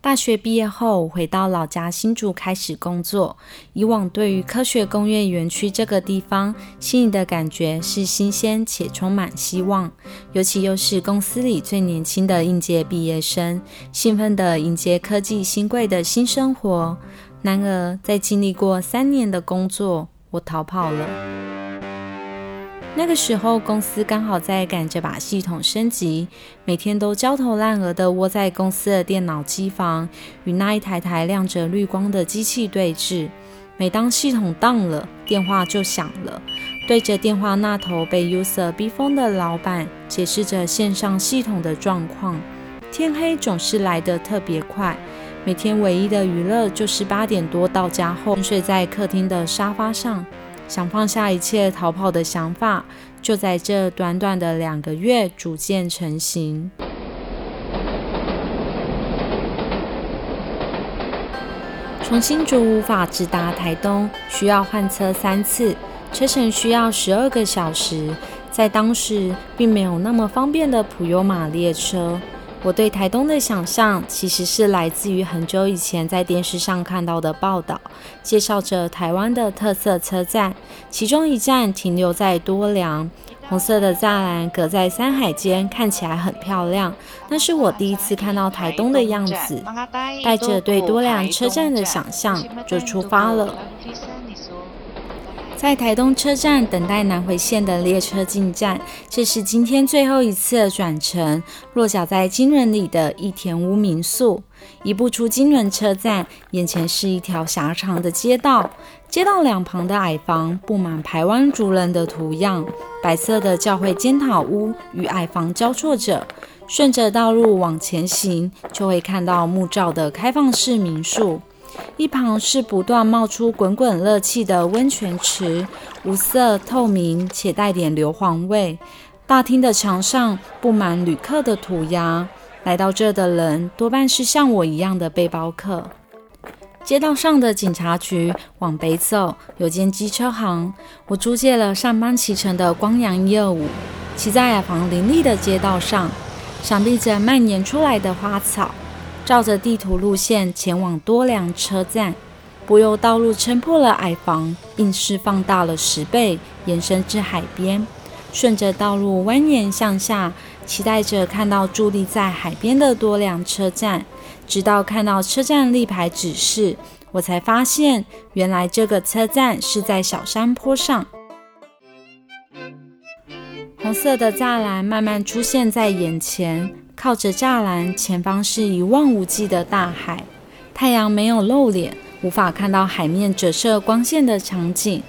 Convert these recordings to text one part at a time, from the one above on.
大學畢業後，回到老家新竹開始工作。以往對於科學工業園區這個地方，心裡的感覺是新鮮且充滿希望。尤其又是公司裡最年輕的應屆畢業生，興奮地迎接科技新貴的新生活。然而，在經歷過三年的工作，我逃跑了。那個時候，公司剛好在趕着把系統升級，每天都焦頭爛額地窩在公司的電腦機房，與那一台台亮着綠光的機器對峙。每當系統當了，電話就響了，對着電話那頭被 user 逼瘋的老板，解釋着線上系統的狀況。天黑總是來得特別快，每天唯一的娛樂就是八點多到家後，昏睡在客廳的沙發上。想放下一切逃跑的想法，就在這短短的兩個月逐漸成形。從新竹無法直達台東，需要換車三次，車程需要十二個小時，在當時並沒有那麼方便的普悠瑪列車。我對台東的想象，其實是來自於很久以前在電視上看到的報道，介紹着臺灣的特色車站，其中一站停留在多良，紅色的柵欄隔在山海間，看起來很漂亮。那是我第一次看到台東的樣子，帶着對多良車站的想象，就出發了。在台東車站等待南回線的列車進站，這是今天最後一次轉乘，落腳在金崙裡的一田屋民宿。一步出金崙車站，眼前是一條狹長的街道，街道兩旁的矮房布滿排灣族人的圖樣，白色的教會尖塔屋與矮房交錯着。順着道路往前行，就會看到木造的開放式民宿。一旁是不斷冒出滾滾熱氣的溫泉池，無色透明且帶點硫磺味。大廳的牆上布滿旅客的塗鴉。來到這的人，多半是像我一樣的背包客。街道上的警察局往北走，有間機車行，我租借了上班騎乘的光陽125，騎在矮房林立的街道上，閃避着蔓延出來的花草。照着地圖路線前往多良車站，柏油道路撐破了矮房，硬是放大了十倍，延伸至海邊。順着道路蜿蜒向下，期待着看到佇立在海邊的多良車站。直到看到車站立牌指示，我才發現原來這個車站是在小山坡上。紅色的柵欄慢慢出現在眼前。靠着柵欄，前方是一望無際的大海。太陽沒有露臉，無法看到海面折射光線的場景。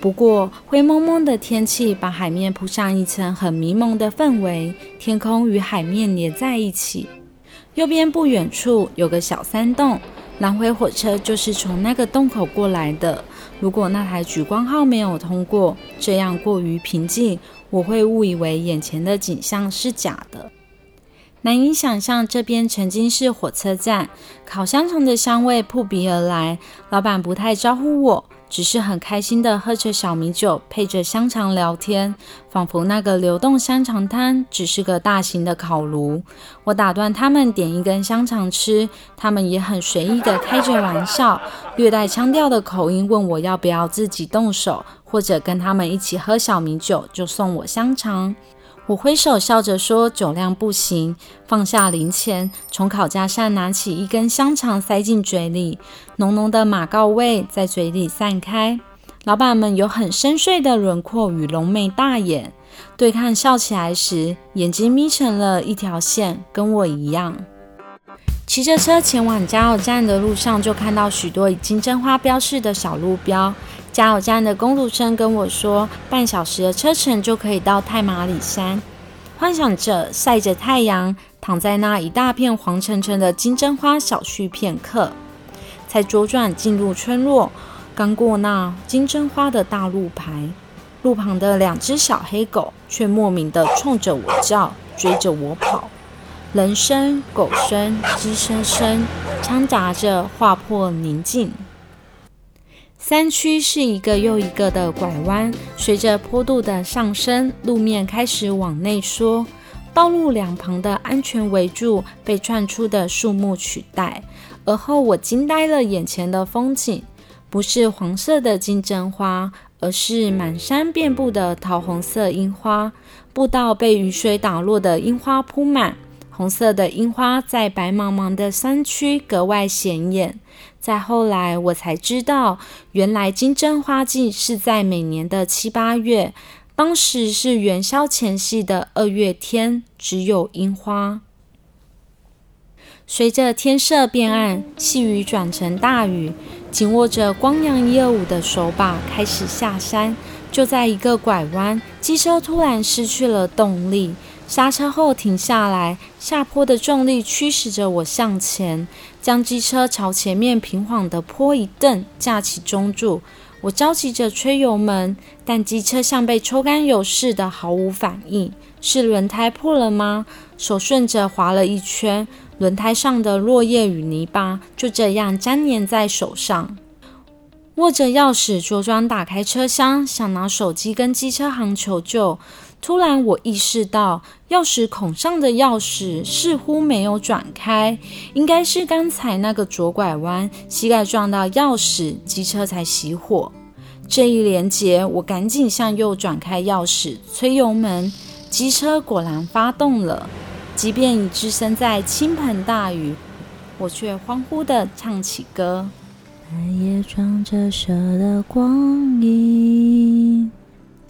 不過灰蒙蒙的天氣把海面鋪上一層很迷蒙的氛圍，天空與海面連在一起。右邊不遠處有個小山洞，南迴火車就是從那個洞口過來的。如果那台莒光號沒有通過，這樣過於平靜，我會誤以為眼前的景象是假的。難以想象這邊曾經是火車站，烤香腸的香味撲鼻而來。老闆不太招呼我，只是很開心地喝着小米酒，配着香腸聊天，仿佛那個流動香腸攤只是個大型的烤爐。我打斷他們點一根香腸吃，他們也很隨意地開着玩笑，略帶腔調的口音問我要不要自己動手，或者跟他們一起喝小米酒就送我香腸。我揮手笑着說：“酒量不行。”放下零錢，從烤架上拿起一根香腸塞進嘴裡，濃濃的馬告味在嘴裡散開。老闆們有很深邃的輪廓與濃眉大眼，對看笑起來時，眼睛眯成了一條線，跟我一樣。騎着車前往加油站的路上，就看到許多以金針花標示的小路標。加油站的工讀生跟我說，半小時的車程就可以到太麻里山，幻想着曬着太陽，躺在那一大片黃澄澄的金針花小憩片刻。才左轉進入村落，剛過那金針花的大路牌，路旁的兩隻小黑狗卻莫名的衝着我叫，追着我跑，人聲、狗聲、機車聲，摻雜着劃破寧靜。山區是一個又一個的拐彎，隨着坡度的上升，路面開始往內縮。道路兩旁的安全圍柱被竄出的樹木取代。而後，我驚呆了眼前的風景，不是黃色的金針花，而是滿山遍佈的桃紅色櫻花。步道被雨水打落的櫻花鋪滿，紅色的櫻花在白茫茫的山區格外顯眼。再後來，我才知道，原來金針花季是在每年的七八月。當時是元宵前夕的二月天，只有櫻花。隨着天色變暗，細雨轉成大雨，緊握着光陽125的手把，開始下山。就在一個拐彎，機車突然失去了動力。剎車後停下來，下坡的重力驅使着我向前，將機車朝前面平緩的坡一蹬，架起中柱。我着急着催油門，但機車像被抽乾油似的毫無反應。是輪胎破了嗎？手順着滑了一圈，輪胎上的落葉與泥巴就這樣沾黏在手上。握着鑰匙，左轉打開車廂，想拿手機跟機車行求救。突然，我意識到鑰匙孔上的鑰匙似乎沒有轉開，應該是剛才那個左拐彎，膝蓋撞到鑰匙，機車才熄火。這一連結，我趕緊向右轉開鑰匙，催油門，機車果然發動了。即便已置身在傾盆大雨，我卻歡呼地唱起歌。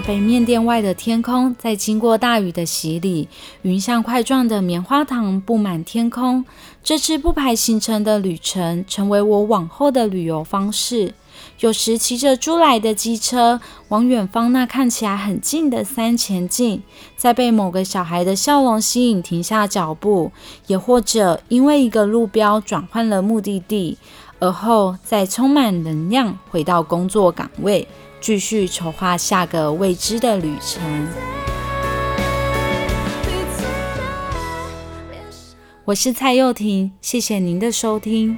伯麵店外的天空，在經過大雨的洗禮，雲像塊狀的棉花糖佈滿天空。這次不排行程的旅程，成為我往後的旅遊方式。有時騎着租來的機車，往遠方那看起來很近的山前進，再被某個小孩的笑容吸引停下腳步，也或者因為一個路標轉換了目的地，而後再充滿能量回到工作崗位。繼續籌劃下個未知的旅程。我是蔡佑婷，謝謝您的收聽。